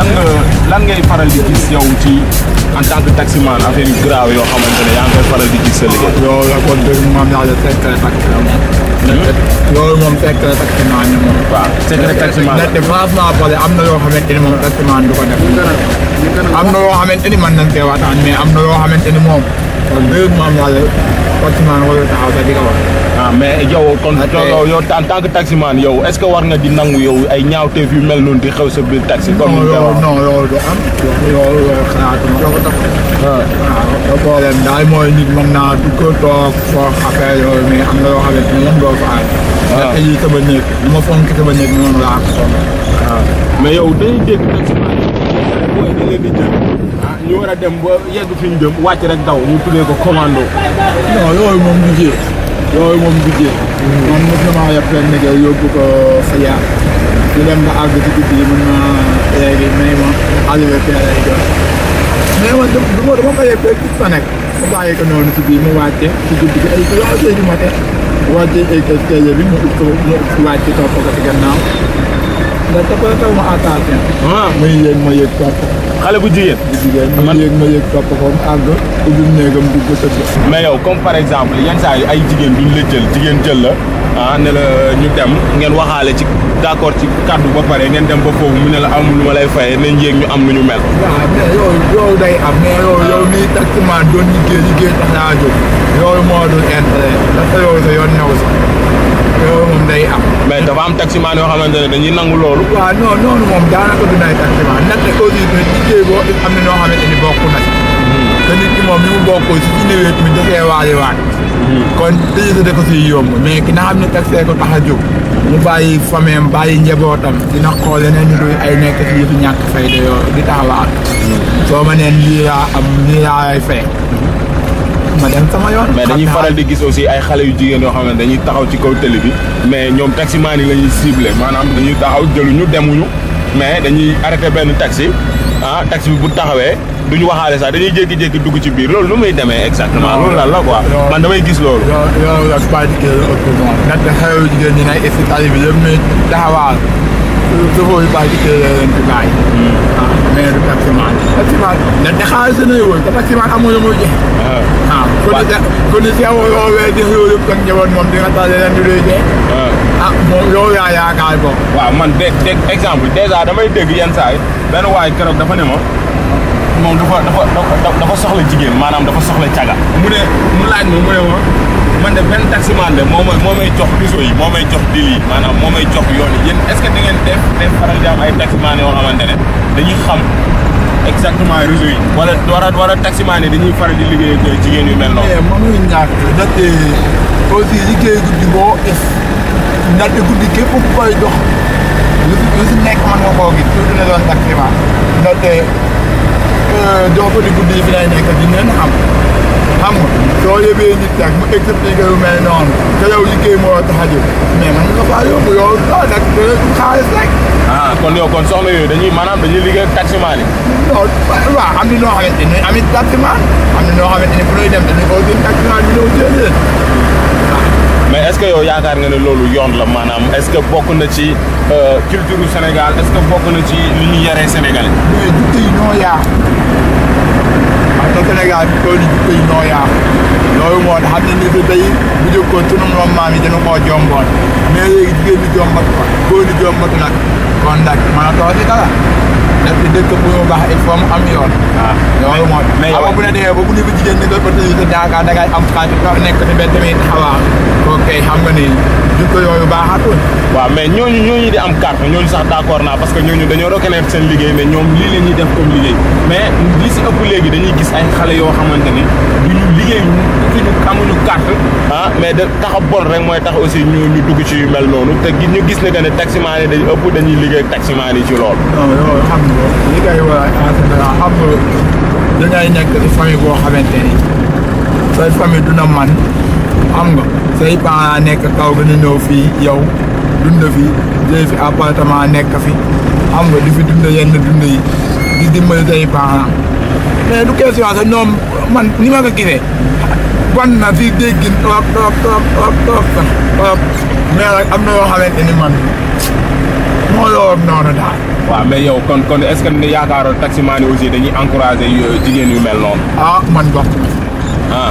lan nga lan ngay faral di gis yow ci en tant que taximan affaire yu grave yoo xamante ne yaa ngi koy faral di gis sa liggéey. yow la kon dëgg moom yaa ngi secret taximan. loolu moom secret taximan ñu moom. waaw secret taximan la te franchement parce que am na yoo xamante ni moom taximan du ko def. Hmm? am na yoo xamante ni mën nañ koy waxtaan mais am na yoo xamante ni moom. kon dëgg moom yaa taximaan warul taxaw sax di ko ah, mais yow kon ah, yow en tant que taximaan yow est ce que war nga di nangu yow ay ñaawteef yu mel noonu di xew sa biir taxi. comme ni nga non du am. loolu loolu xalaatuma loolu tax. na ah, yoo xamante ma fonk sama noonu laa mais yow dañuy dégg taximaan yi booy da ñu war a dem ba yegg fi ñu jëm wàcc rek daw mu tuddee ko commando. non yooyu moom du jiyee. yooyu moom du jiyee. man mos maa yab benn liggéey yóbbu ko sa yaar. ñu dem ba àgg ci guddi yi nekk. mu bàyyi ko biir mu wàcce ci gi ay trois heures du bi mu ko topp ko ci gannaaw. ma attention. waaw muy yéeg ma yéeg xale bu jigéen. bu jigéen ma yéeg ma yéeg papa comme àgg. ubbi mais yow comme par exemple yenn ay jigéen duñ la jël jigéen jël la ah ne la ñu dem ngeen waxaale ci d'accord ci kàddu ba pare ngeen dem ba foofu mu ne la amul lu ma lay fayee nañ yéeg ñu am lu ñu mel. waaw mais yow yow day am mais ah. yow yow nii tactement doon liggéey liggéey naa jóg. loolu moo dul intérêt dafa yow sa yoon ñëw sax. loolu moom day am. mais dafa am taximaan yoo xamante ne dañuy nangu loolu. waaw non noonu moom daanaka du nay taximaan ndax am na ñoo xamante ni bokk si. Hmm. ni mu bokkul si ci ñëwee tamit waat. kon tëjee si yomb mais ki nga xam ne taxee ko tax a jóg. mu bàyyi fameem bàyyi njabootam dina xool yeneen ñu dul ay nekk ci yëfu ñàkk fay dayoo di taxawaat. Hmm. soo ma neen lii laa am lii laay fay. Hmm. ma dem sama yoon. mais dañuy faral di gis aussi ay xale yu jigéen yoo xam ne dañuy taxaw ci kaw télé bi mais ñoom taximaan yi la ñuy ciblé maanaam dañuy taxaw ñu demuñu mais dañuy arrêté benn taxi ah taxi bi bu taxawee duñu waxaale sax dañuy jékki-jékki dugg ci biir loolu lu muy demee exactement. loolu lan la quoi man damay gis loolu. yow yow yaa ngi bàyyi jigéen xale yu jigéen ñi nekk si tali bi yëpp muy taxawaal. 最后一把一个人去拜，啊，没有打起码，打起码，那打还是那有，打起码他们有没有？啊，可能可能像我我我这有有朋友们，我们这个大家人就这些，啊，我有呀呀干过。waaw man de de exemple déjà damay dégg yenn saa yi benn waay keroog dafa ne ma moom dafa dafa soxla jigéen maanaam dafa soxla caga mu ne mu laaj ma mu ne ma. man de benn taximan de moo may moo may jox réseau yi moo may jox dil yi maanaam moo may jox yoon yi yéen est-ce que da ngeen def def faral di am ay taximan yoo xamante ne dañuy xam exactement réseau yi. wala war a war a taximan yi dañuy faral di liggéey ak jigéen yu mel noonu. Eh, mënuñ ñàkk ndaxte aussi liggéey guddi boo is ndaxte guddi képp ku koy dox lu si lu si nekk mën nga koo gis surtout ne doon taximan ndaxte euh, doo ko di guddi yi fi lay nekk di ngeen xam. xam nga soo yëbee nit nag mu expliqué lu mel noonu te yow liggéey moo tax a jóg mais man nga faa yóbbu yow ah nag dana du xaalis rek. ah kon yow kon soxla yooyu dañuy maanaam dañuy liggéey ak taximaan yi. non waaw am na ñoo xamante ne amit taximaan am na ñoo xamante ne bu lay dem dañu ko jël taximaan bi ñëw jël leen mais est-ce que yow yaakaar nga ne loolu yoon la maanaam est-ce que bokk na ci euh, culture Sénégal est-ce que bokk na ci li ñu yaree Sénégalais. mais du tey ñoo yaa. parce que Sénégal tool yi jikko yi ñoo yàqu loolu moo xam ne nit ñi bu jëkkoon sunu moom maam yi dana koo jomboon mais léegi jigéen ñi jombatu ko nag kon nag mën a toog si dara def ci dëkk bu mu baax il faut mu am yoon. waaw ah. loolu moo mais yow bu ne dee ba bu ne bu jigéen ñi nga opportunité da ngay am xaalis nekk ci benn tamit xawaar kooku kay xam nga jikko yooyu baaxatul waaw mais ñooñu ñooñu di am carte ñooñu sax d'accord naa parce que ñooñu dañoo reconnaître seen liggéey mais ñoom lii la ñuy def comme liggéey mais li si ëpp léegi dañuy gis ay xale yoo xamante ni duñu liggéey suñu amuñu carte ah mais da tax a bon rek mooy tax aussi ñu ñu dugg ci yu mel noonu te ñu gis ni que ne taximaan yi dañu ëpp dañuy liggéey ak taximaan yi ci loolu yoo xam nga li koy waral en général xam nga dangay nekk famille boo xamante ni say famille duna man xam nga say parents nekk kaw gën a ñëw fii yow dund fi jël fi appartement nekk fi xam nga di fi dund yenn dund yi di dimbali say parents mais du question sax ñoom man ni ma ko gisee bon na fii déggin top top top top trop sax trop mais nag am na yoo xamante ni man moo loolu noonu daal waaw mais yow kon kon est-ce que yaakaaroon taximaan yi aussi dañuy encourager jigéen yu mel noonu ah man bokk ah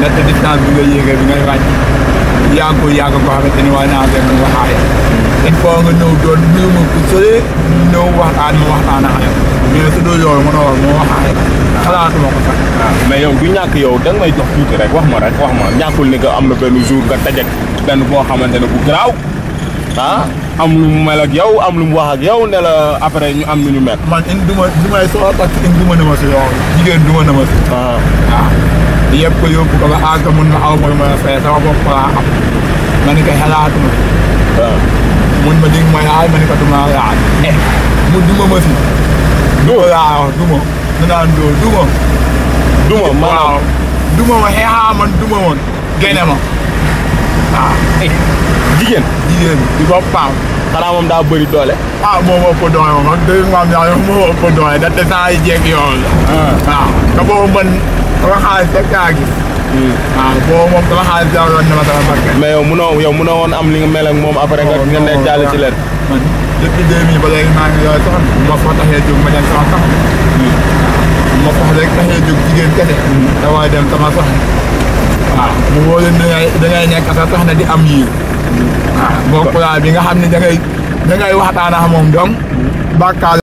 natt distance bi nga yéegal bi ngay wàcc yaa ngi koy yàgg koo xamante ni waa naa benn waxaaya il faut nga ñëw doon ñëw ma ku sëlee ñëw waxtaan ma waxtaan ak yow mais su dul yow mën a wax ma waxaaya yow du ñàkk yow da nga may jox tuuti rek wax ma rek wax ma ñàkkul ni que am na benn jour nga tajek benn boo xamante ne bu garaaw ah am lu mu mel ak yow am lu mu wax ak yow ne après ñu am lu ñu mel man in duma du may in duma na ma si yow jigéen duma na ma si waaw ah. ah. yep ko yóbbu ko ba aar ko mun ma aw ma ma fee sama bopp laa xam ma ne ko xalaatuma waaw mun ma dégg ma yaay ma ne ko du ma yaay eh mu duma ma si duma laa wax duma danaan doo duma duma ma waaw duma ma xeexaa man duma woon gene ma waaw jigéen jigéen di boppam xanaa moom daa bëri doole ah moom ah. ëpp doole moom ak dégg maam yaa moom ëpp doole da te saa yi jeeg yoon la waaw ka boobu man sama xaalis rek kaa gis waaw boobu moom sama xaalis jaaw yoon dama sama barke mais yow munoo yow munoo woon am li nga mel ak moom après nga oh, nga ne jàll ci leen sama soxna bu hmm. ma soxna rek taxee jóg jigéen kese hmm. damay dem sama soxna ah. waaw mu wóor leen da ngay nekk sa soxna di am yiir waaw hmm. ah, bokk laa